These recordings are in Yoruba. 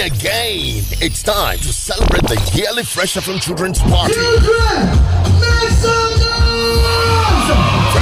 again. It's time to celebrate the yearly Fresh from Children's Party. Children,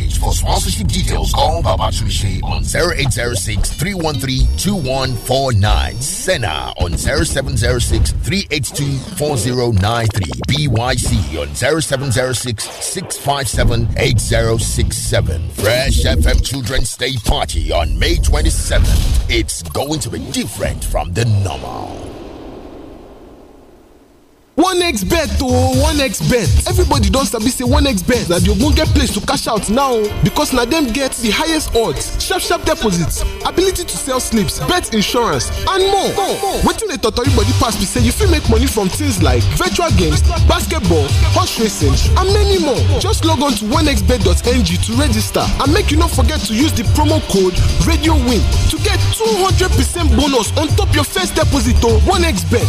page. For sponsorship details, call Baba Chumishe on 0806 313 Senna on 0706 BYC on 0706 657 Fresh FM Children's Day Party on May 27th. It's going to be different from the normal. onexbet oh onexbet everybody don sabi say onexbet na di ogbonge place to cash out now because na dem get the highest odds sharp sharp deposits ability to sell slips bet insurance and more wetin dey totori body pass be say you fit make money from things like virtual games basketball horse racing and many more just log on to onexbet.ng to register and make you no forget to use the promo code RadioWin to get two hundred percent bonus on top your first deposit o oh, onexbet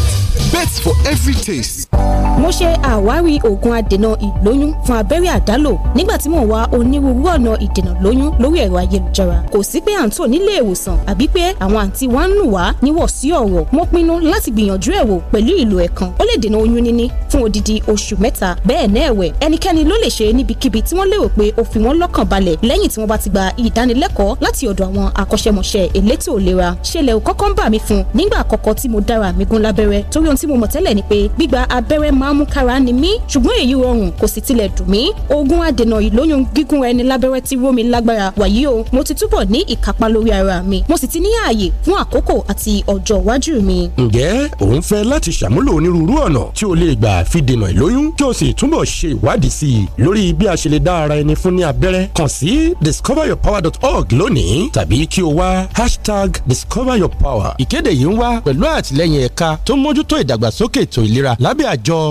bet for every taste. Peace. mo ṣe àwárí oògùn adènà ìlóyún fún abẹ́rẹ́ àdálò nígbà tí mò ń wá onírúurú ọ̀nà ìdènà lóyún lórí ẹ̀rọ ayélujára kò sí pé à ń tò nílé ìwòsàn àbí pé àwọn àǹtí wa ń nù wá níwọ̀ sí ọ̀rọ̀ mo pinnu láti gbìyànjú ẹ̀ wò pẹ̀lú ìlò ẹ̀kan ó lè dènà oyún níní fún odidi oṣù mẹ́ta bẹ́ẹ̀ náà ẹ̀wẹ̀ ẹnikẹ́ni ló lè ṣe níbikíbi tí wọ́n lérò pé ó fi wọ́n lọ́kàn balẹ̀ lẹ́yìn tí wọ́n bá ti gba ìdánilẹ́kọ̀ọ́ láti ọ̀dọ̀ àwọn akọ́ṣẹ́mọṣẹ́ elétò ìlera ṣẹlẹ̀ ò kọ́kọ́ ń bà mí fún nígbà àkọ́kọ́ tí mo dára mi gún lábẹ́rẹ́ torí ohun tí mo mọ̀ tẹ́lẹ̀ ni pé gbígba abẹ́rẹ́ máa àmúkára ni mí ṣùgbọ́n èyí rọrùn kò sì tilẹ̀ dùn mí oògùn adènà ìlóyún gígún ẹni lábẹ́rẹ́ ti ró mi lágbára wàyí o mo ti túbọ̀ ní ìkápá lórí ara mi mo sì ti ní ààyè fún àkókò àti ọjọ́ iwájú mi. ǹjẹ́ ò ń fẹ́ láti ṣàmúlò onírúurú ọ̀nà tí o lè gbà fi dènà ìlóyún kí o sì túbọ̀ ṣe ìwádìí sí i lórí bí a ṣe lè dá ara ẹni fún ní abẹ́rẹ́ kàn sí discoveryourpower.org lónìí tàbí kí o wá hashtag discoveryourpower ìkéde yìí ń wá pẹ̀lú àtìlẹ́yìn ẹ̀ka tó mójútó ìdàgbàsókè ètò ìlera lábẹ́ àjọ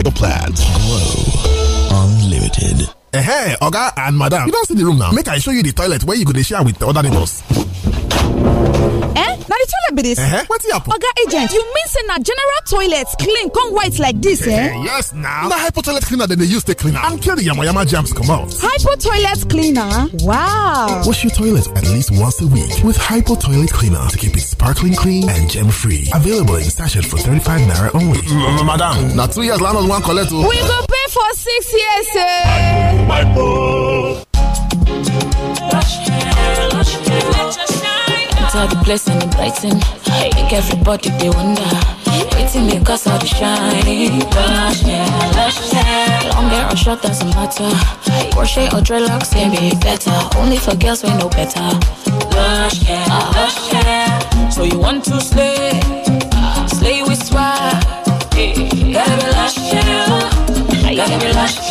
mega plans. Glow Unlimited. Hey, Oga and Madam, you don't see the room now. Make I show you the toilet where you could share with the other neighbors. eh na the toilet be dis eh uh-huh. wetin happen. oga agent you mean say na general toilets clean come white like this, eh, eh yes now. na hypo toilet cleaner than dey use take clean am and yama the yamayama germs comot hypo toilet cleaner wow wash your toilet at least once a week with hypo toilet cleaner to keep it sparkling clean and germ free available in sachet for 35 naira only madam now two years land on one o we go pay for six years eh hypo hypo light all the place and it brighten. Make everybody they wonder. Waiting me cause all the shine. Lush, hair, lush, yeah. Long hair or short doesn't matter. Crochet or dreadlocks can be better. Only for girls we know better. Lush, hair, lush, hair. So you want to slay? Slay with swag. Gotta be lush, hair. Gotta be lush,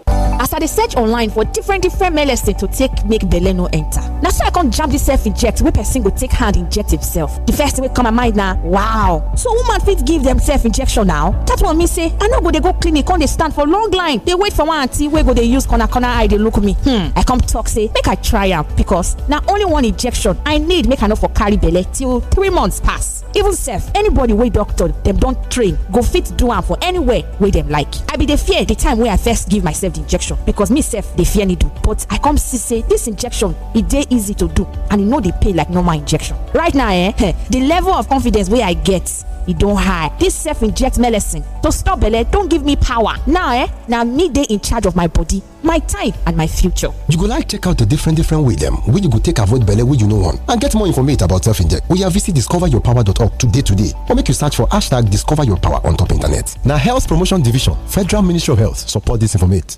as i dey search online for different different medicine to take make belle no enter na so i come jam this self inject wey person go take hand inject himself the first thing wey come my mind na wow so woman fit give dem self injection now that one mean say i no go dey go clinic come dey stand for long line dey wait for one aunty wey go dey use corner corner eye dey look me hmm i come talk say make i try am because na only one injection i need make i no for carry belle till three months pass even sef anybody wey doctor dem don train go fit do am for anywhere wey dem like i bin dey fear the time wey i first give myself the injection because me self they fear needle but i come see say this injection it dey easy to do and you know they pay like normal injection right now eh, eh the level of confidence where i get it don't high this self inject medicine to stop don't give me power now eh now me dey in charge of my body my time and my future. you go like check out the different different way them, where you go take avoid belle where you know wan and get more information about self inject have visit discoveryourpower.org today today or make you search for hashtag discover your power on top internet Now health promotion division federal ministry of health support this informate.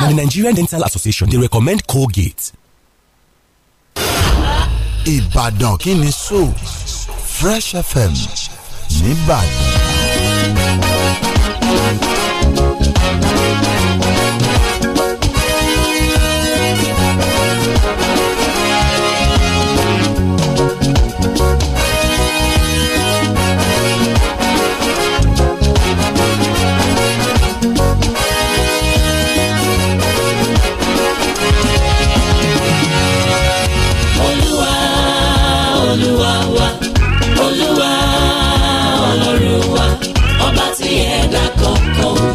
now, the Nigerian Dental Association, they recommend Colgate. Ibadan Kini Fresh FM, Nibad.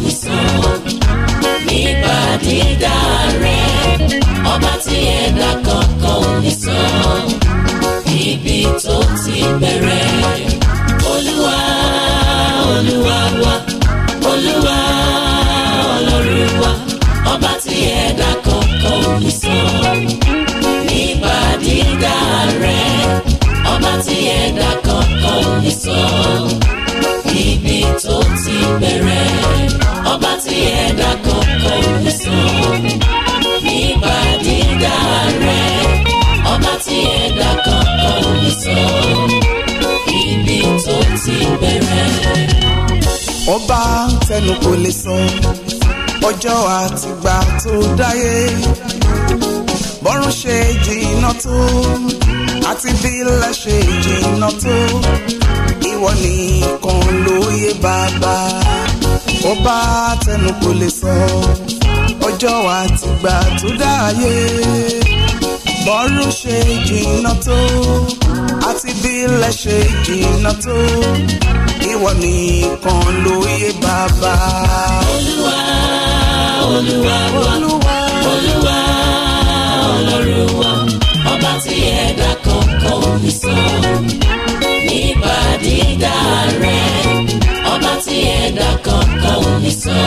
ìsàn nípa dídá rẹ̀ ọba tí ẹ̀dá kankan ò lè sọ ibi tó ti bẹ̀rẹ̀ olúwa olúwa wa olúwa ọlọ́run wa ọba tí ẹ̀dá kankan ò lè sọ nípa dídá rẹ̀ ọba tí ẹ̀dá kankan ò lè sọ ibi tó ti bẹ̀rẹ̀ ọba ti ẹ̀dá kankan ò sọ nípa dídá rẹ̀ ọba ti ẹ̀dá kankan ò sọ ibi tó ti bẹ̀rẹ̀. ọba tẹnu kò lè sùn ọjọ́ àtìgbà tó dáyé bọ́rún ṣe jìnnà tó àti bí ilẹ̀ ṣe jìnnà tó ìwọ nìkan ló yé bàbá ó bá tẹnu kò lè sọ ọjọ́ wa ti gbà tó dáyé bọ́rú ṣe jìnnà tó àti bílẹ̀ ṣe jìnnà tó ìwọ nìkan ló yé bàbá. olúwa olúwa olúwa olúwa ọlọ́run wa ọba tí ẹ̀dá kankan fi sọ nípa dídá rẹ̀ tí ẹ̀dá kankan ò lè sọ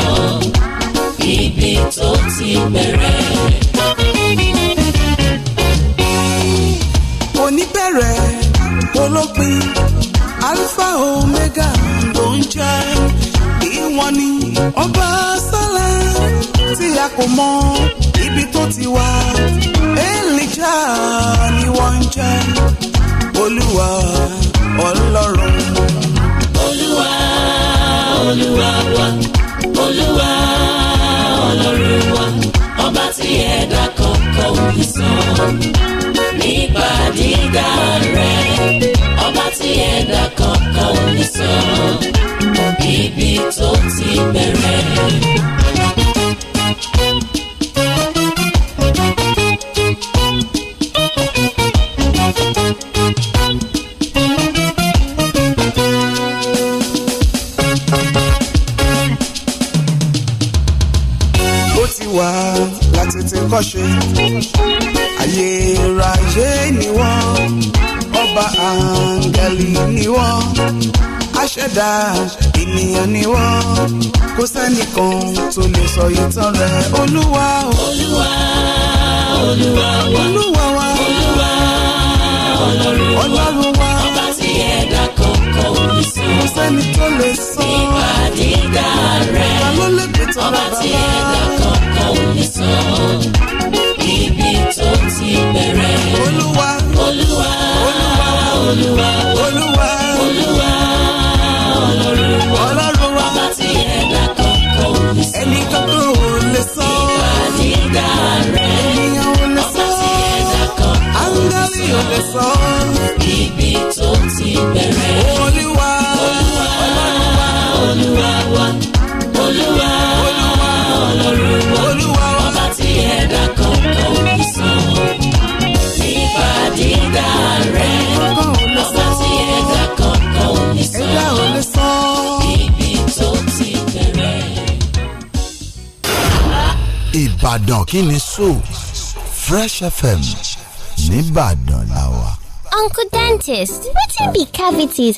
ibi tó ti bẹ̀rẹ̀. oníbẹ̀rẹ̀ olópin alfa omega ló ń jẹ́ ìwọ ni ọba sálẹ̀ tí a kò mọ ibi tó ti wá èlìjà ni wọ́n ń jẹ́ olúwa ọlọ́run olúwa wa olúwa ọlọ́run wa ọba tí ẹ̀dá kọ̀ọ̀kan ò fi sàn nípa dídá rẹ̀ ọba tí ẹ̀dá kọ̀ọ̀kan ò fi ibi tó ti bẹ̀rẹ̀. kọ́ṣe ayérayé ni wọ́n ọba áńgẹ́lì ni wọ́n aṣẹ̀dá ènìyàn ni wọ́n kò sẹ́nìkan tó lè sọ ìtàn rẹ̀ olúwa olúwa olúwa olúwa wa olúwa ọlọ́run wa ọba tí ẹ̀dá kankan ò ní sọ. kíni so Fresh FM nìbàdàn làwà. uncle dentist wetin be cavities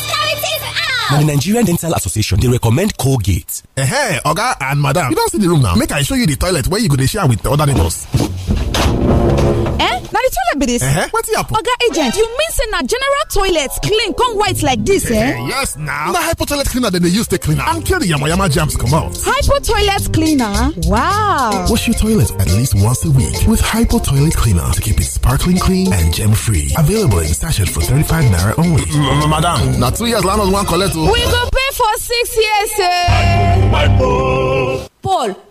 na the nigerian dental association They recommend colgate. Eh oga and madam you don't see the room now make i show you the toilet where you go dey share with the other neighbors na the toilet be dis wetin happen. oga agent you mean say na general toilets clean come white like this, eh, eh yes na na hypo toilet cleaner than they use take clean am and kill the yamayama come out. hypo toilet cleaner wow wash your toilet at least once a week with hypo toilet cleaner to keep it sparkling clean and germ free available in sachet for 35 naira only madam now two years landlord wan collect o we go pay for six years eh hypo hypo paul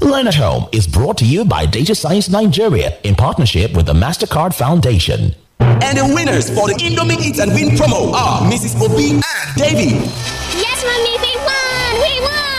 Learn at Home is brought to you by Data Science Nigeria in partnership with the MasterCard Foundation. And the winners for the Indomie Eat and Win promo are Mrs. Obi and Davy. Yes, Mommy, we won!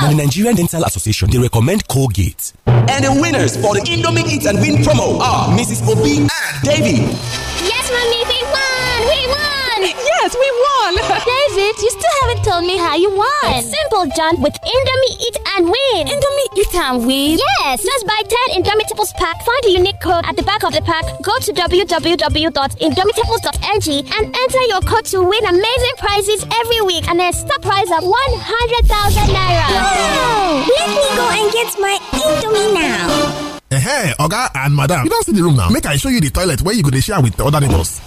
now, the Nigerian Dental Association, they recommend Colgate. And the winners for the Indomie Eat and Win promo are Mrs. Obi and Davy. Yes, Mommy, we won! We won! yes, we won! David, you still haven't told me how you won. It's simple, John. With Indomie Eat and Win. Indomie Eat and Win? Yes. Just buy 10 Indomie Tipples pack. Find the unique code at the back of the pack. Go to www.indomitables.ng and enter your code to win amazing prizes every week and a stock prize of 100,000 naira. Wow! Let me go and get my Indomie now. Hey, Oga and Madam, you don't see the room now. Make I show you the toilet where you could share with the other neighbors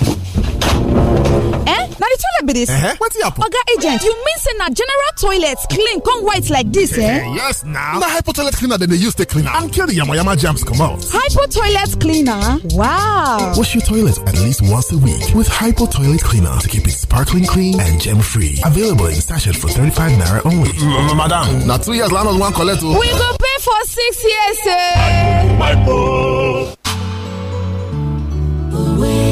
eh now di toilet be dis eh uh-huh. wetin happen. oga agent you mean say na general toilets clean come white like this, eh yes na na hypo toilet cleaner than they use to clean am and kill di yamayama out. hypo toilet cleaner wow wash your toilet at least once a week with hypo toilet cleaner to keep it sparkling clean and gem free available in sachet for 35 naira only madam now two years land wan one o oh. we go pay for six years eh hypo hypo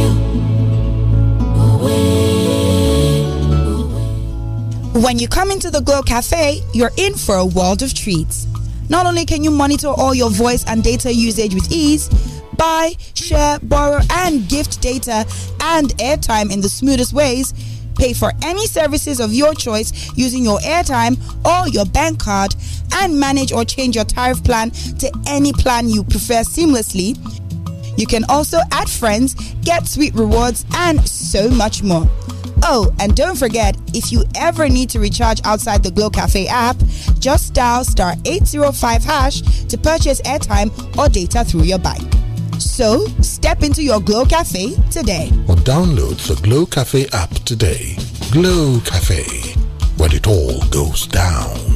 When you come into the Glow Cafe, you're in for a world of treats. Not only can you monitor all your voice and data usage with ease, buy, share, borrow, and gift data and airtime in the smoothest ways. Pay for any services of your choice using your airtime or your bank card and manage or change your tariff plan to any plan you prefer seamlessly. You can also add friends, get sweet rewards, and so much more. Oh, and don't forget, if you ever need to recharge outside the Glow Cafe app, just dial star 805 hash to purchase airtime or data through your bike. So, step into your Glow Cafe today. Or download the Glow Cafe app today. Glow Cafe, where it all goes down.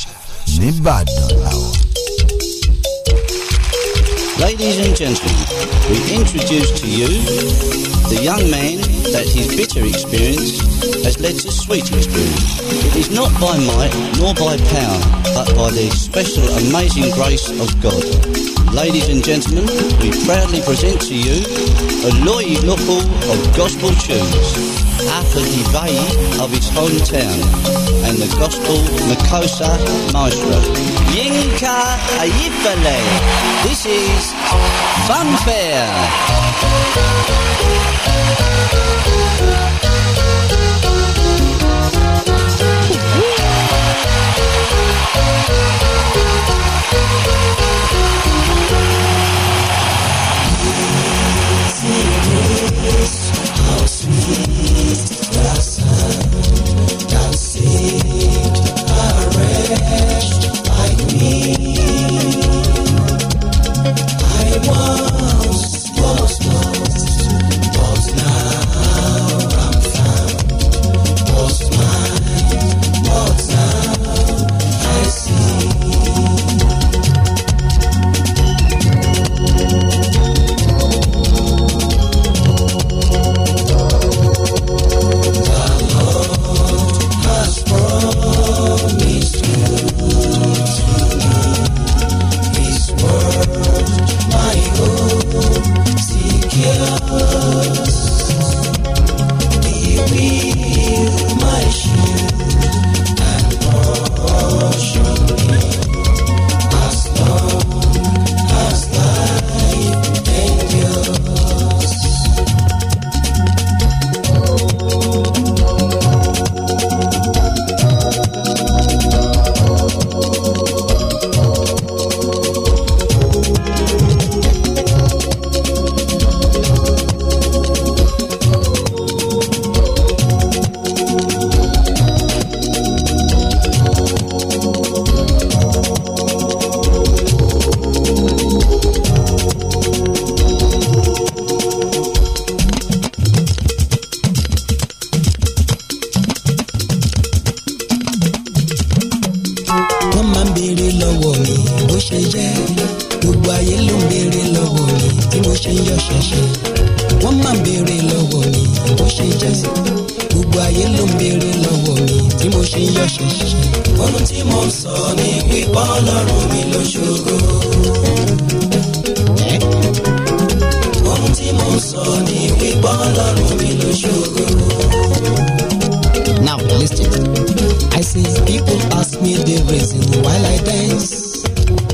nìbàdàn Ladies and gentlemen, we introduce to you the young man that his bitter experience has led to sweet experience. It is not by might nor by power, but by the special amazing grace of God. Ladies and gentlemen, we proudly present to you a Aloy Local of Gospel Tunes after of his hometown and the gospel Makosa Maestro. Yinka Ayipale. This is Funfair. ṣògo. ohun tí mo sọ ni wípé ọlọ́run mi ló ṣògo. now listen i say people ask me the reason why i dance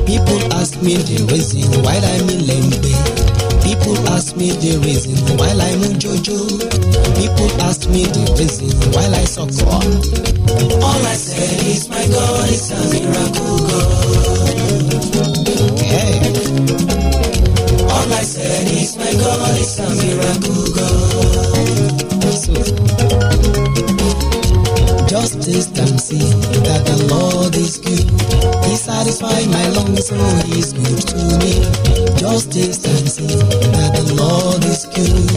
people ask me the reason why i mi lẹ́ngbẹ́. People ask me the reason why I mú jojo. People ask me the reason why I suck up. All I say is my God is a miracle God. Hey. All I say is my God is a miracle God. So, just taste and see that the Lord is good. He satisfies my lungs, so He's good to me just taste that the Lord is good.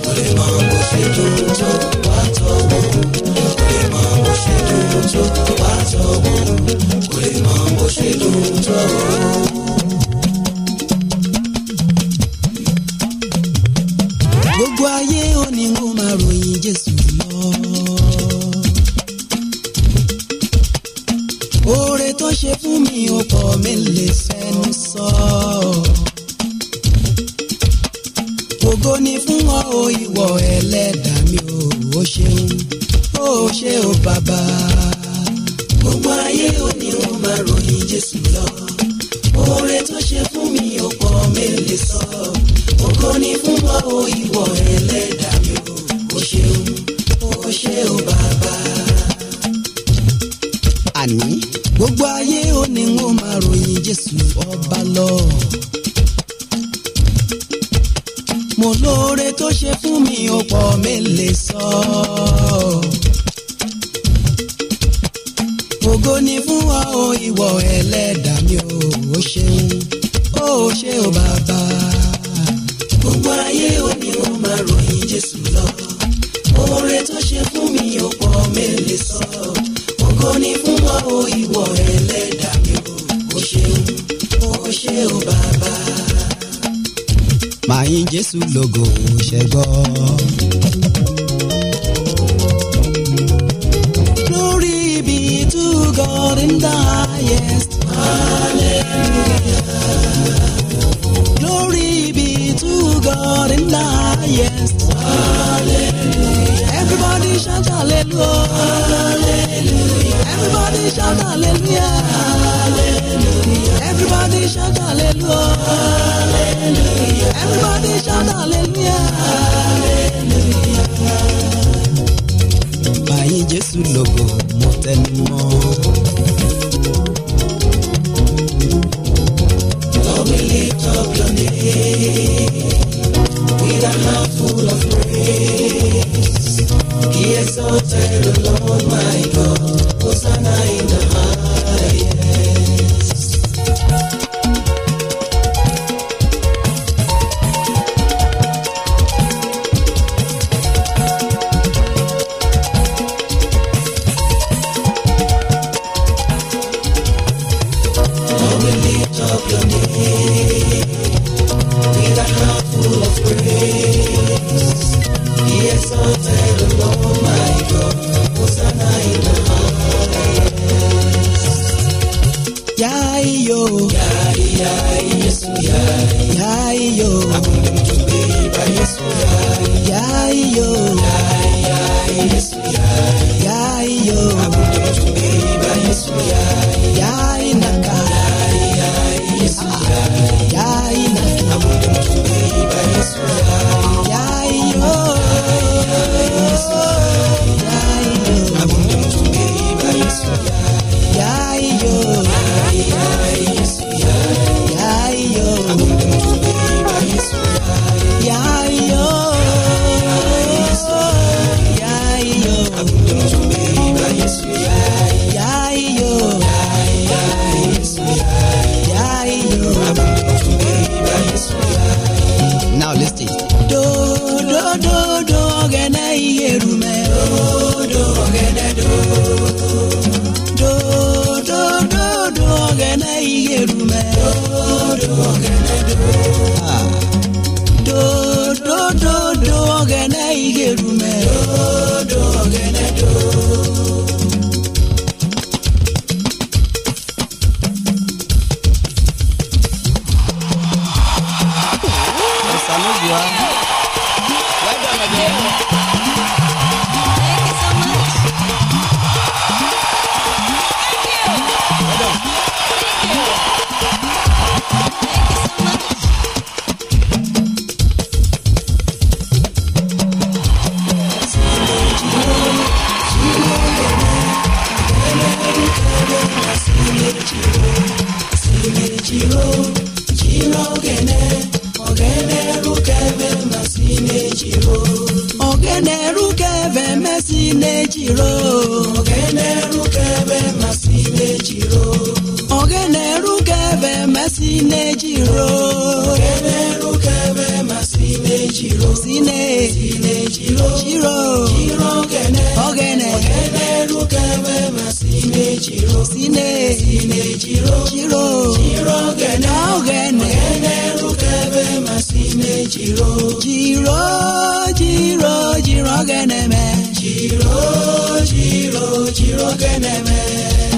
Torí máa mo ṣe dùn tó wá tọ́wọ́. Torí máa mo ṣe gbogbo ayé ó ní kó máa ròyìn jésù ọ̀rọ̀ mélèé sọ. ògo ni fún ọ o ìwọ ẹlẹ́dàá mi o ó ṣeun ó ṣe o bàbá. gbogbo ayé o ni ó máa ròyìn Jésù lọ oore tó ṣe fún mi ò pọ̀ mélèé sọ. ògo ni fún ọ o ìwọ ẹlẹ́dàá mi o ó ṣeun ó ṣe o bàbá máa yìn Jésù lógo ṣẹgbọ́. Glory be to God in the highest. Hallelujah. Glory be to God in the highest. Hallelujah. Everybody shout hallelujah. Hallelujah. Everybody shout hallelujah. Hallelujah. shout hallelujah. Hallelujah. Everybody shout hallelujah. Hallelujah. Báyìí Jesus, lògò mo tẹnu mọ́. Lord, lift up your name with a mouth full of praise. He exalted the Lord my God. You. poder. méjì ro. ọ̀gẹ̀dẹ̀ ẹrú kẹfẹ́ má sí méjì ro. ọ̀gẹ̀dẹ̀ ẹrú kẹfẹ́ má sí méjì jìrò jìrò jìrò gẹ̀nẹ̀ ọ̀gẹ̀dẹ̀ ọ̀gẹ̀dẹ̀ ẹrú kẹfẹ́ má sí méjì jìrò jìrò jìrò gẹ̀nẹ̀ ọ̀gẹ̀dẹ̀ ọ̀gẹ̀dẹ̀ ẹrú kẹfẹ́ má jìrò jìrò jìrò ogene, mẹ́ chiro chiro chiro keneme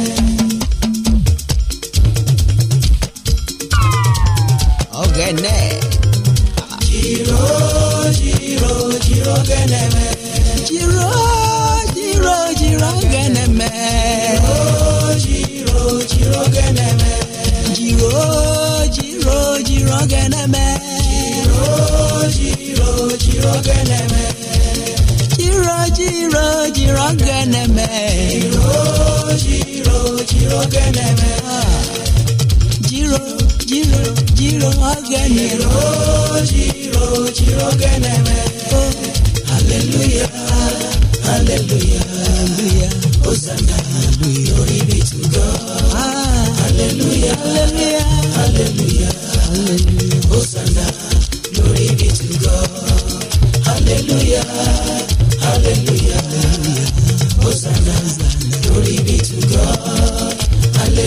jìrọ̀ Jiro, Jiro, jìrọ̀ jìrọ̀ Jiro, Jiro, jìrọ̀ jìrọ̀ Jiro, Jiro, jìrọ̀ jìrọ̀ gẹ́nẹ̀mẹ̀. hallelujah hallelujah hallelujah hosanna glory be to God. hallelujah hallelujah hallelujah hallelujah hosanna glory be to God. hallelujah.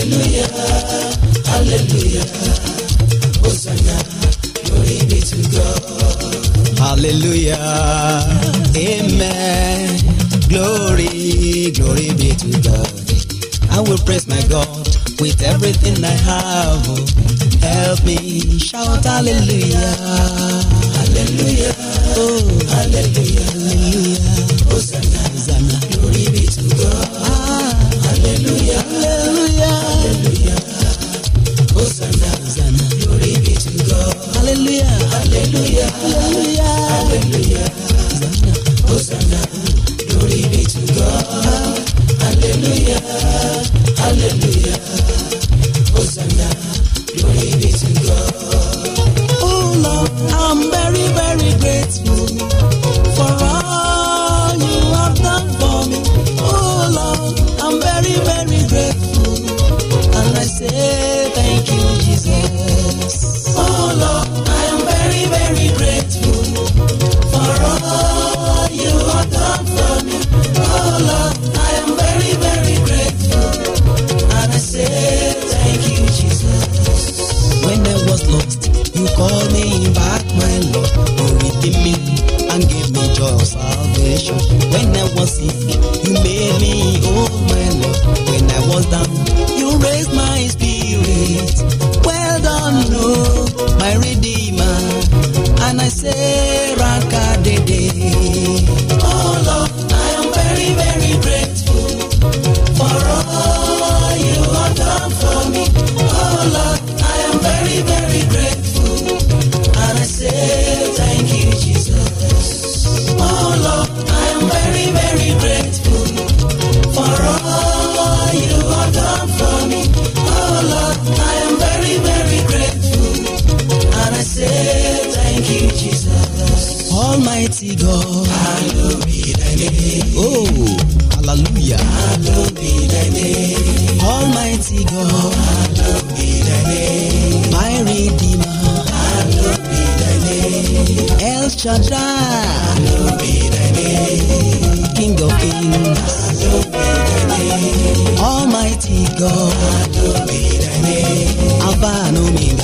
hallelujah hallelujah hosanna glory be to God hallelujah amen glory glory be to God I will praise my God with everything I have help me shout hallelujah hallelujah, oh, hallelujah, hallelujah, hosanna, glory be to God, ah, hallelujah. hallelujah. hallelujah hallelujah hallelujah hallelujah hosanna glory be to God hallelujah hallelujah hosanna glory be to God. Oh Lord, I'm very very grateful. when I was sick. You made me whole, my Lord. When I was down, you raised my spirit. Well done, Lord, oh, my Redeemer. And I say, Oh, hallelujah. Hallowed be thy name. Almighty God. Hallowed be thy name. My Redeemer. Hallowed be thy name. El Shaddai. Hallowed be thy name. King of kings. Hallowed be thy name. Almighty God. Hallowed be thy name. Alpha and Omega.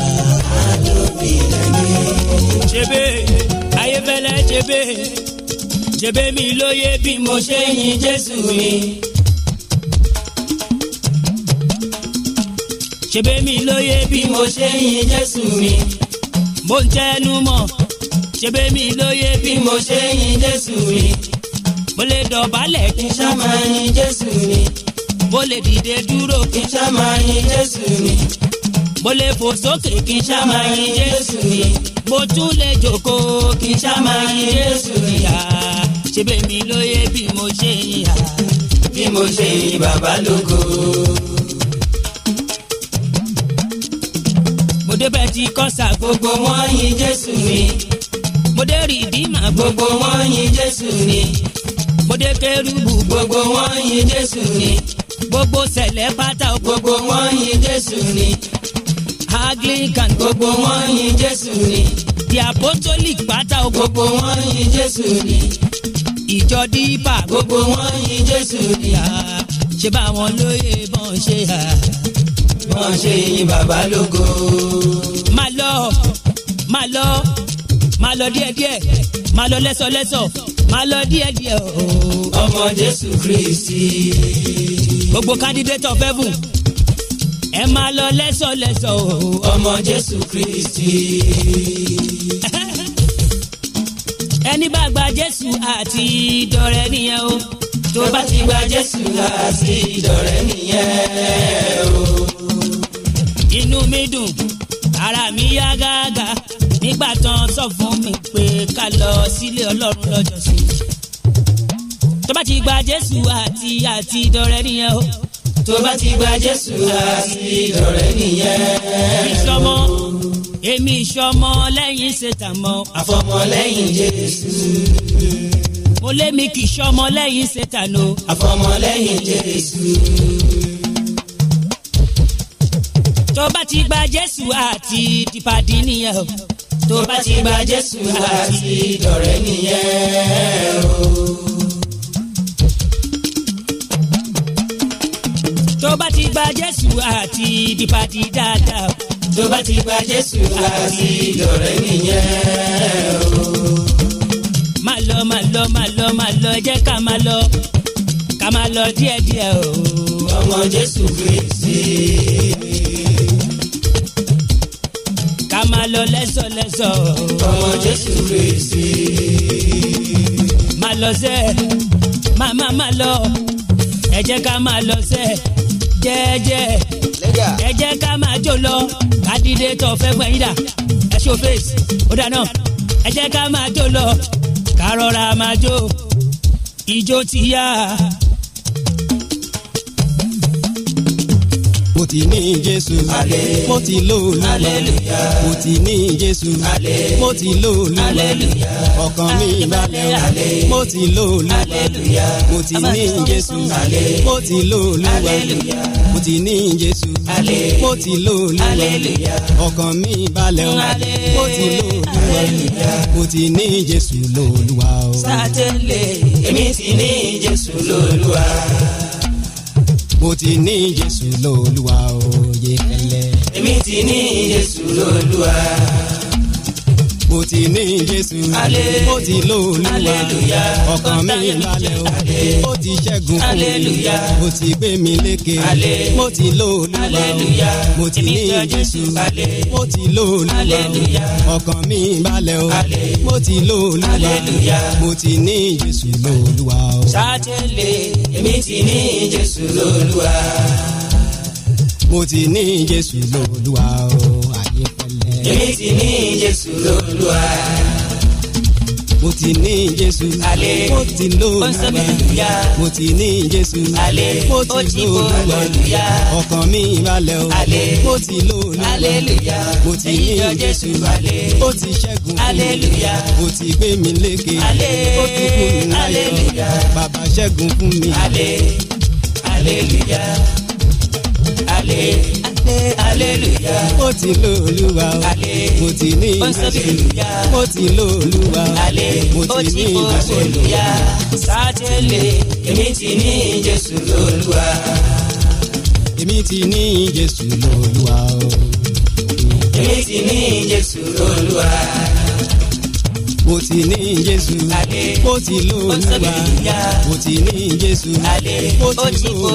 Hallowed be thy name. Jebe, ayefele jebe ṣebí mi lóye bí mo ṣe yin Jésù mi. ṣebí mi lóye bí mo ṣe yin Jésù mi. mo ń tẹnu mọ́ ṣebí mi lóye bí mo ṣe yin Jésù mi. mo lè dọ̀bálẹ̀ kí n ṣá máa yin Jésù mi. mo lè dìde dúró kí n ṣá máa yin Jésù mi. mo lè fò sókè kí n ṣá máa yin Jésù mi. mo tún lè jókòó kí n ṣá máa yin Jésù mi ṣe bẹ́ẹ̀ mi lóye bí mo ṣe yìn hà bí mo ṣe yìn bàbá lógo. mo débẹ̀ ti kọ́sà gbogbo wọn yin jésù ni. mo dé rìdíìmà gbogbo wọn yin jésù ni. mo dé kérúbù gbogbo wọn yin jésù ni. gbogbo sẹ̀lẹ̀ pátá gbogbo wọn yin jésù ni. anglican gbogbo wọn yin jésù ni. diapostolic pátá gbogbo wọn yin jésù ni ìjọ dípà gbogbo wọn yin jésù níhà ṣe báwọn lóye bọ́n ṣe hà bọ́n ṣe yin bàbá lógo. má lọ má lọ má lọ díẹ̀díẹ̀ má lọ lẹ́sọ̀lẹ́sọ̀ má lọ díẹ̀díẹ̀ o. ọmọ jésù kristi. gbogbo candidate of heaven ẹ máa lọ lẹ́sọ̀lẹ́sọ̀ o. ọmọ jésù kristi ẹni bá gba jésù àti ìdọ̀rẹ́ nìyẹn o. tó bá ti gba jésù àti ìdọ̀rẹ́ nìyẹn o. inú mi dùn ara mi yá gágá nígbà tán sọ fún mi pé ká lọ sílé ọlọ́run lọ́jọ́sí. tó bá ti gba jésù àti àti ìdọ̀rẹ́ nìyẹn o. tó bá ti gba jésù àti ìdọ̀rẹ́ nìyẹn o èmi ìṣọmọ lẹ́yìn ṣètàn mọ́. àfọmọ lẹ́yìn jésù. mo lémi kì í ṣọmọ lẹ́yìn ṣètàn o. àfọmọ lẹ́yìn jésù. tó bá ti gba jésù àti dìpàdé nìyẹn o. tó bá ti gba jésù àti dọ̀rẹ́ nìyẹn o. tó bá ti gba jésù àti dìpàdé dáadáa tó bá ti gba Jésù àti ìdọ̀rẹ́ nìyẹn o. máa lọ máa lọ máa lọ máa lọ jẹ́ ká máa lọ ká máa lọ díẹ̀díẹ̀ o. ọmọ Jésù Kristi. ká máa lọ lẹ́sọ̀lẹ́sọ̀. ọmọ Jésù Kristi. máa lọ sẹ́ẹ̀ máa máa máa lọ ẹ jẹ́ ká máa lọ sẹ́ẹ̀ jẹ́ẹ́jẹ́ ẹ jẹ́ ká máa jó lọ kádìdé tó fẹ́ gbọ́n yín dà ẹ ṣó face ó dáná ẹ jẹ́ ká máa jó lọ ká rọra máa jó ijó ti yá. mo ti ní jésù mo ti lólúwa mo ti ní jésù mo ti lólúwa ọkàn mi balẹ̀ o mo ti lólúwa mo ti ní jésù mo ti lólúwa ti ní Jésù mo ti lo Olúwa ọkàn mi balẹ̀ o mo ti lo Olúwa mo ti ní Jésù lóluwa o. sátẹ̀lẹ̀ èmi ti ní Jésù lóluwa. mo ti ní Jésù lóluwa o yẹ èmi ti ní Jésù lóluwa mo ti ní Jésù ó ti lọ Olúwa ọkàn mi balẹ̀ o ó ti ṣẹ́gun fún mi ó ti gbé mi lékè mo ti lọ Olúwa mo ti ní Jésù mo ti lọ Olúwa ọkàn mi balẹ̀ o mo ti lọ Olúwa mo ti ní Jésù lóluwà o. sátẹ̀lẹ̀ èmi ti ní Jésù lóluwà mo ti ní Jésù lóluwà o èmi ti ní Jésù lóluwà olúwa. Mo ti ní Jésù. Alẹ́. Mo ti lò Nàgbà. Mo ti ní Jésù. Alẹ́. Mo ti lò Nàgbà. Ọkàn mi balẹ̀ o. Alẹ́. Mo ti lò Nàgbà. Aleluya. Mo ti ní Jésù. Alẹ́. Ó ti ṣẹ́gun. Aleluya. Ó ti gbé mi lékè. Alẹ́. Ó tún kún mi láyọ̀. Aleluya. Bàbá ṣẹ́gun fún mi. Alẹ́. Aleluya. Alẹ́ aleluya mo ti lo olúwa mo ti ní ìbáṣe mo ti lo olúwa mo ti ní ìbáṣe olúya sátẹlẹ èmi ti ní jésù lóluwa. èmi ti ní jésù lóluwa o. èmi ti ní jésù lóluwa mo ti ní jésù mo ti lò olúwa mo ti ní jésù mo ti lò olúwa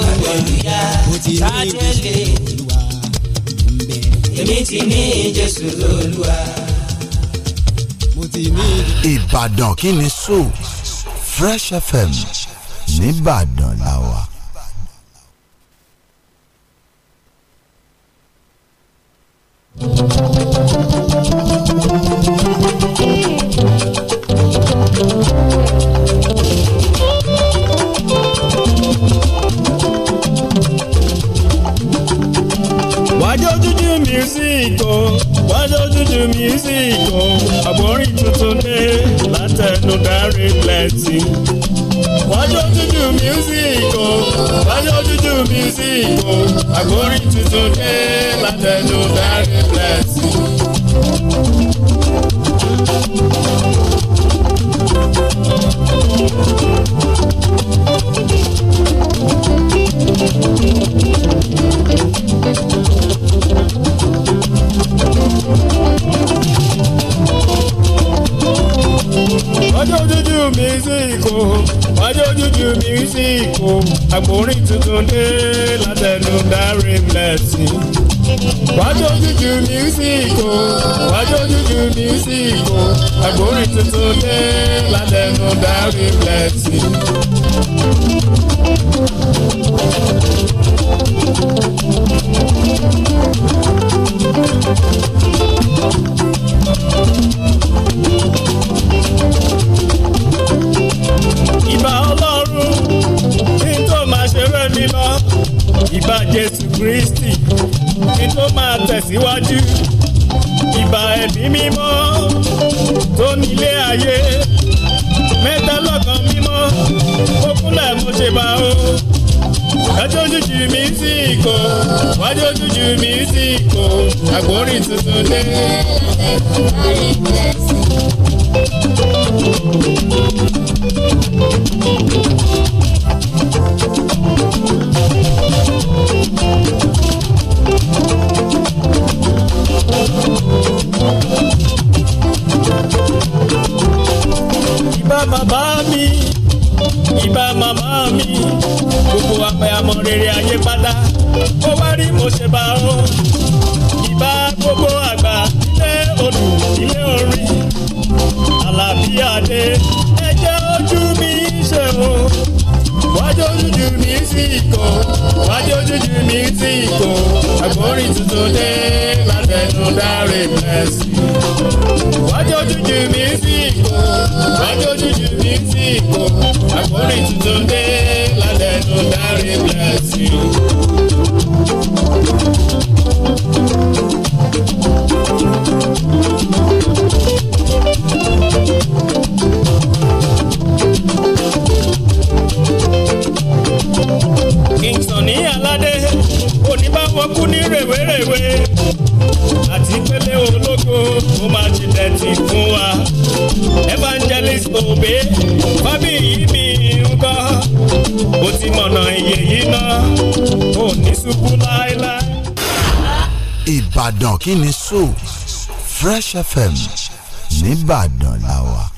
mo ti ní jésù èmi ti ní Jésù lólúwa. Ìbàdàn kí ni so Fresh FM nìbàdàn làwà. Àkórí tuntun dé látẹnu very blessed. Ọjọ́ ojújú mi sí ìkó. wájójújú mi rí sí ìkó àgbórin tuntun dé látẹnu dárí blẹ̀sì. wájójújú mi rí sí ìkó wájójújú mi rí sí ìkó àgbórin tuntun dé látẹnu dárí blẹ̀sì. Thank you. Kristi kí tó máa tẹ̀síwájú ìbà ẹ̀mí mímọ́ tó nílé ayé mẹ́ta lọ́kàn mímọ́ ó kúnlẹ̀ mo ṣe bá o wájú ojújú mi sí ìkó wájú ojújú mi sí ìkó àgbórí tuntun dé. Thank you. bàbá mi ìbá màmá mi gbogbo apẹ àmọ́ rere ayé pátá ó wá rí mo ṣe bá wọn ìbá gbogbo àgbà ilé odò ilé orin àlàáfíà dé ẹ ojú mi ṣe wọn wájojújú mi sí ìkó wájojújú mi sí ìkó àgbórí tuntun dé látẹnu dáre mẹ́sì. wájojújú mi sí ìkó wájojújú mi sí ìkó àgbórí tuntun dé látẹnu dáre mẹ́sì. thank you rèwerèwe àti pélé ológo ó máa ṣe tẹ̀tì fún wa evangelist òbé fábíyì mi ń kọ́ ó ti mọ̀nà iye yìí ná kò ní ṣubú láéláé. Ìbàdàn kí ni sọ Fresh FM nìbàdàn làwà.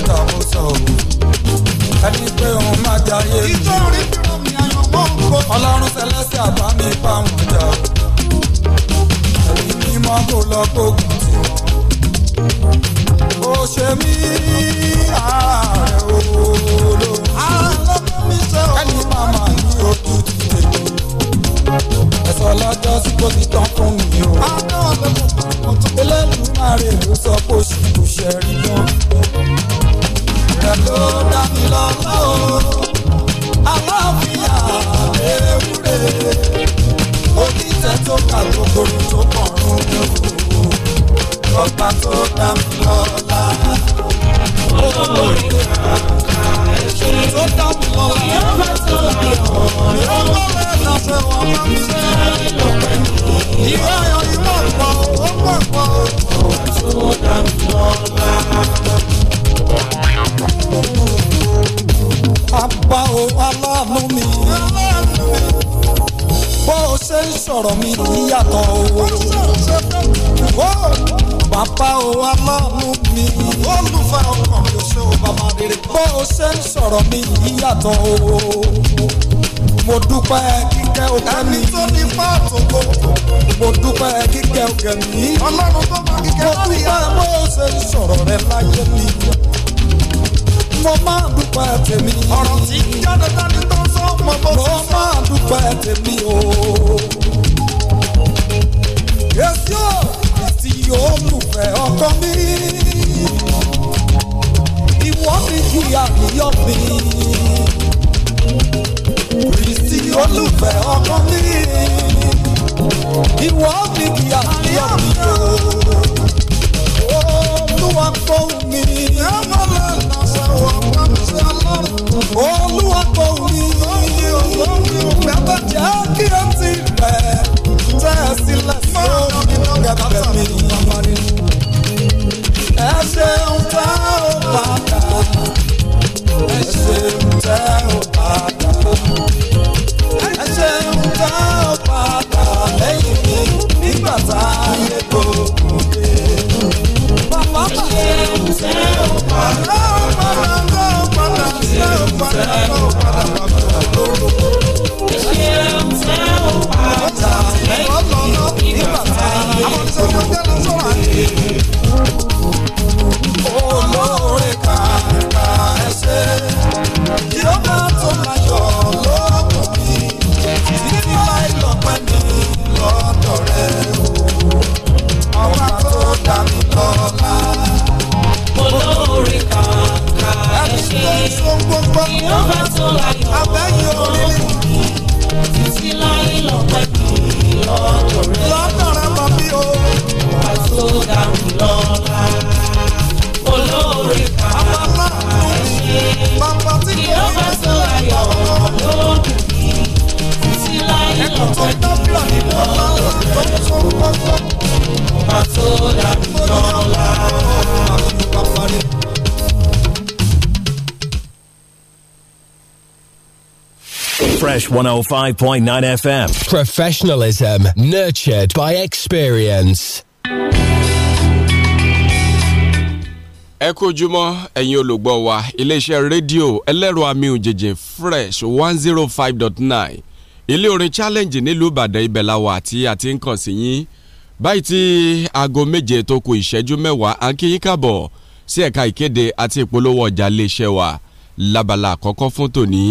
nígbà mo sọ o ẹni pé òun má jayé mi. ìtòrí tìrọ mi àyànwó ń bọ. ọlọ́run sẹlẹ́sì àbá mi bá wọn jà o ẹ̀rí mímọ́ kó lọ gbógun tì ó ṣe mí ààrẹ olóró ẹni màmá ní ojú títè ẹ̀sọ́ lọ́jọ́ sí kó ti tán fún mi o eléyìí máa rè ló sọ pé ó ṣì kò ṣe rí náà oh oh oh mi lọ́lá o. aláàfin àbẹ̀wúre oníṣẹ́ tó ka kòkòrò tó kọ̀ọ̀rùn lọ́wọ́ ọba tó dá mi lọ́lá. olórí àká tó dá mi mọ́. Ìyá bá tó yọ̀ ọ́. Ìyá bá rẹ̀ nà ṣe wọ́n máa ń ṣe. Ìyá yọ ìwọ ìpọ̀ ó pọ̀ pọ̀. Tó dá mi mọ́ lá. Àbá o aláàánú mi. Aláàánú mi. Bó o ṣe ń sọ̀rọ̀ mi níyàtọ̀ o. Ó ṣe ń ṣe fẹ́ mi. Bàbá o aláàánú mi. Olùfẹ́ ọkàn ṣe o bàbá rere bó o ṣe ń sọ̀rọ̀ mi yíyàtọ̀ o. mo dúpẹ́ kíkẹ́ òkè mi. ẹni tó ní fáàtò kò. mo dúpẹ́ kíkẹ́ òkè mi. ọlọ́run tó bá kíkẹ́ lórí ẹ̀. mo dúpẹ́ bó o ṣe ń sọ̀rọ̀ rẹ láyé mi. mo máa dúpẹ́ tèmi. ọ̀rọ̀ tí jáde dání tó ń sọ ọmọ bó ṣe sọ. mo máa dúpẹ́ tèmi o. Yes, yo, yes, yo, olùfẹ́ ọkọ mi wọ́n mi jìyà níyọ̀ mi. Kristi olùfẹ́ ọkàn mi. tó dàbí lọ́la. Fresh 105.9 FM. Professionalism nurtured by experience. ẹ kú ojúmọ́ ẹ̀yin olùgbọ́ wa iléeṣẹ́ rédíò ẹlẹ́rọ àmì òjèjì fresh one zero oh five dot nine ilé orin challenge nílùú ìbàdàn ibẹ̀ la wà tí a ń kàn sí yín báyìí tí aago méje tó kù ìṣẹ́jú mẹ́wàá à ń sí ẹ̀ka ìkéde àti ìpolówó ọjà iléeṣẹ́ wa lábala àkọ́kọ́ fún tòní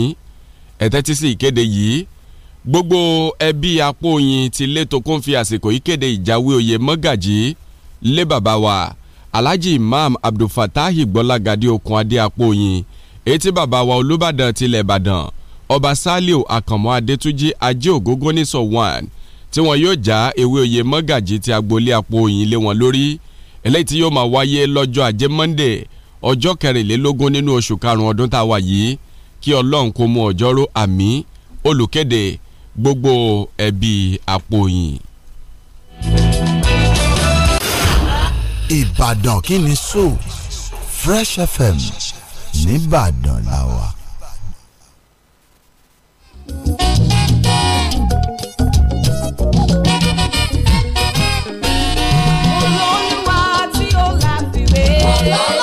ẹ̀tẹ́tí sí ìkéde yìí gbogbo ẹbí apóyin ti létòkó ń fi àsìkò ìkéde ìjáwé oyè mọ́gàjì lé bàbá wa alhaji imam abdulfatahi gbọ́lágadé okùn adé apóyin etí bàbá wa olùbàdàn tilẹ̀ ìbàdàn ọba saliu akànmọ́ adétúnjì ajé ògógó ní sọ one tí wọn yóò já ewé oyè mọ́gàjì ti agboolé àpò òyìn lé wọn lórí eléyìí tí yóò máa wáyé lọ́jọ́ ajé Monday ọjọ́ kẹrìnlélógún nínú oṣù karùn-ún ọdún tá a wà yìí kí Ọlọ́run kó mú ọjọ́rú àmì olùkéde gbogbo ẹbí àpò òyìn. Ìbàdàn kí ni so Fresh FM nìbàdàn làwà. thank you Lord.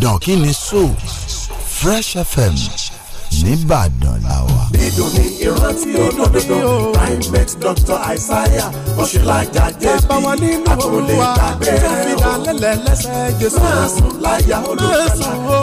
ìbàdàn kí ni so fresh fm nìbàdàn la wà. dídùn ìrántí òdòdó primate doctor àìsáyà òṣèlájà jẹ́bi àtúnlé gbàgbé rẹ̀ o máa sùn láyà olùkọ́lá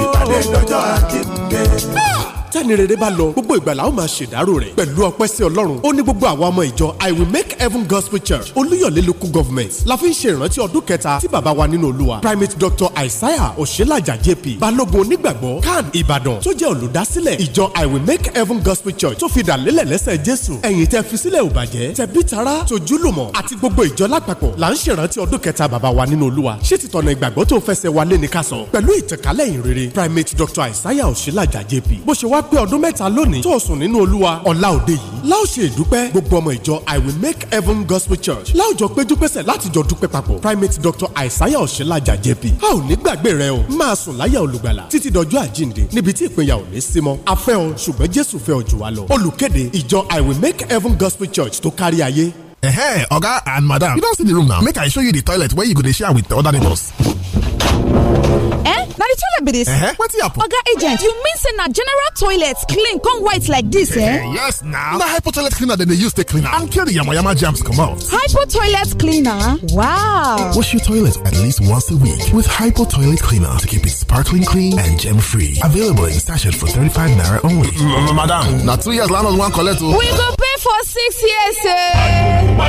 ìpàdé lọ́jọ́ àjíǹde tẹ́ni rere bá lọ gbogbo ìgbà ó máa ṣèdárò rẹ̀ pẹ̀lú ọpẹ́ sí ọlọ́run ó ní gbogbo àwa ọmọ ìjọ i will make heaven gospel church olúyọ̀lé local government la fi ń ṣe ìrántí ọdún kẹta tí bàbá wa nínú olúwa primate doctor isaiah òṣèlàjà jp balógun onígbàgbọ́ kan ìbàdàn tó jẹ́ olùdásílẹ̀ ìjọ i will make heaven gospel church tó fi dà lélẹ̀ lẹ́sẹ̀ jésù ẹ̀yin tẹ́ fi sílẹ̀ ò bàjẹ́ tẹ̀bí tará tojúlùmọ̀ àti gbogbo ìjọ lápapọ̀ là ń ṣèrántí ọdún kẹta bàbá wa nínú olúwa ṣé ti tọ̀nà ìgbàgbọ́ tó fẹsẹ̀ wa lé ní ká sọ pẹ̀lú ìtànkálẹ̀ ìrere primate doctor isaiah òṣèlàjà jp bó ṣe wá pé ọdún mẹ́ta lónìí tó o sùn nínú olúwa ọ̀la òde yìí láò ṣe ìdúpẹ́ gbogbo ọmọ ìjọ i will make heaven gospel church láòjọ péjúpésẹ̀ láti jọ dúpẹ́ papọ̀ primate doctor àìsáyà ọ̀ṣẹ́lájà jẹ̀bi a ò ní gbàgbé rẹ o máa sùn láyà olùgbàlà títí dọjọ́ àjíǹde níbi tí ìpínyà ò ní sí mọ́ a fẹ́ ọ ṣùgbọ́n jésù fẹ́ ọ jù wá lọ olùkéde ìjọ i will make heaven gospel church tó kárí ayé. ẹ̀hẹ́ ọ̀gá and madam you don see the room now make i show you the toilet wey you go dey share with other neighbors. eh now the toilet be dis eh wetin happen. oga agent you mean say na general toilets clean come white like this, eh? eh yes na na hypo toilet cleaner than they use take clean am and kill the yamayama jams come out. hypo toilet cleaner wow wash your toilet at least once a week with hypo toilet cleaner to keep it sparkling clean and germ free available in sachet for 35 naira only madam now two years land wan one o oh. we go pay for six years eh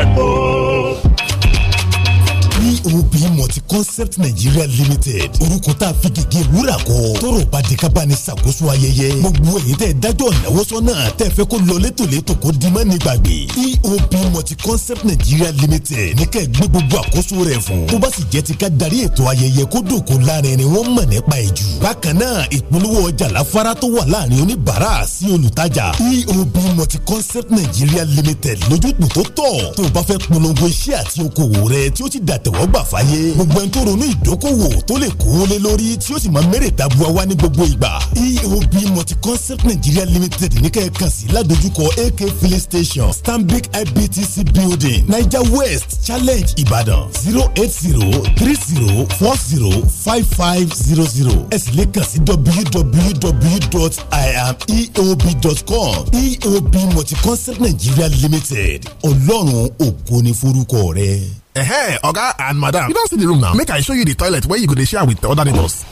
OP multi-concept Nigeria limited orúkọ tá a fi gègé wúrà kọ tọrọ bá di ká bá ní ṣàkóso ayẹyẹ gbogbo èyí tẹ́ dájọ́ ìnáwó sọ́nà tẹ́ fẹ́ kó lọ létòlétò kó dimá ní gbàgbé EOP multi-concept Nigeria limited ní ká ẹ gbé gbogbo àkóso rẹ̀ fún tó bá sì jẹ́ ti ká darí ètò ayẹyẹ kó dòkó láàrin ni wọ́n mọ̀ nípa ẹ̀ jù bákan náà ìpolówó ọjà láfárá tó wà láàrin oníbàárà sí olùtajà EOP multi-concept Nigeria limited lójútùú tó tọ́ tó o bá fẹ́ polongo iṣẹ́ àti okòwò rẹ tí ó ti dàtẹ̀wọ́gb gbà fáyé gbogbo ẹni tó ronú ìdókòwò tó lè kó lé lórí tí ó sì máa mẹ́rẹ̀ dábúwa wá ní gbogbo ìgbà eob multi-concept nigeria limited níkẹ́ kan sí ládojúkọ ak filling station stanbic ibtc building naija west challenge ìbàdàn zero eight zero three zero four zero five five zero zero ẹ sì lè kàn sí www.iameob.com eob multi-concept nigeria limited ọlọ́run ògo ni forúkọ rẹ eh oga and madam you don see the room now make i show you the toilet wey you go dey share with other neighbors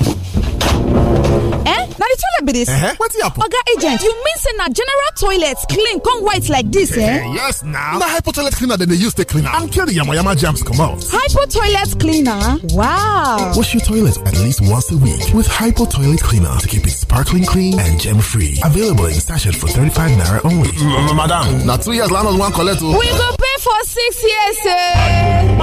eh now the toilet be dis eh wetin happen. oga agent you mean say na general toilets clean come white like this, eh, eh yes na na hypo toilet cleaner than they use to clean am and kill the yamayama come out. hypo toilet cleaner wow wash your toilet at least once a week with hypo toilet cleaner to keep it sparkling clean and germ free available in sachet for 35 naira only madam now two years land wan one o oh. we go pay for six years eh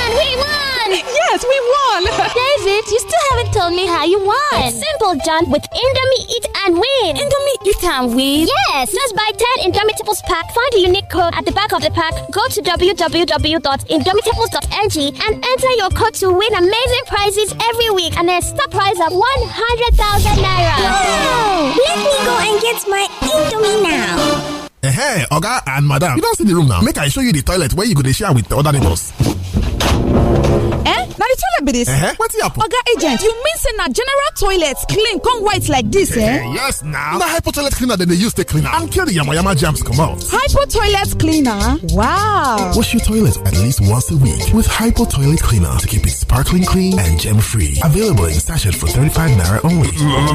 yes, we won! David, you still haven't told me how you won. It's simple, John. With Indomie Eat and Win. Indomie Eat and Win? Yes! Just buy 10 Indomitables pack, find a unique code at the back of the pack, go to www.indomitables.ng and enter your code to win amazing prizes every week and a star prize of 100,000 Naira. Wow! Let me go and get my Indomie now. Eh, hey, oga and madam you don't see the room now make i show you the toilet where you could share with the other neighbors eh na the toilet be dis eh, eh wetin happen. oga agent you mean say na general toilet clean come white like this, eh, eh? eh yes na na hypo toilet cleaner dem dey use take clean am and kill the yamayama germs comot hypo toilet cleaner wow wash your toilet at least once a week with hypo toilet cleaner to keep it sparkling clean and germ free available in sachet for 35 naira only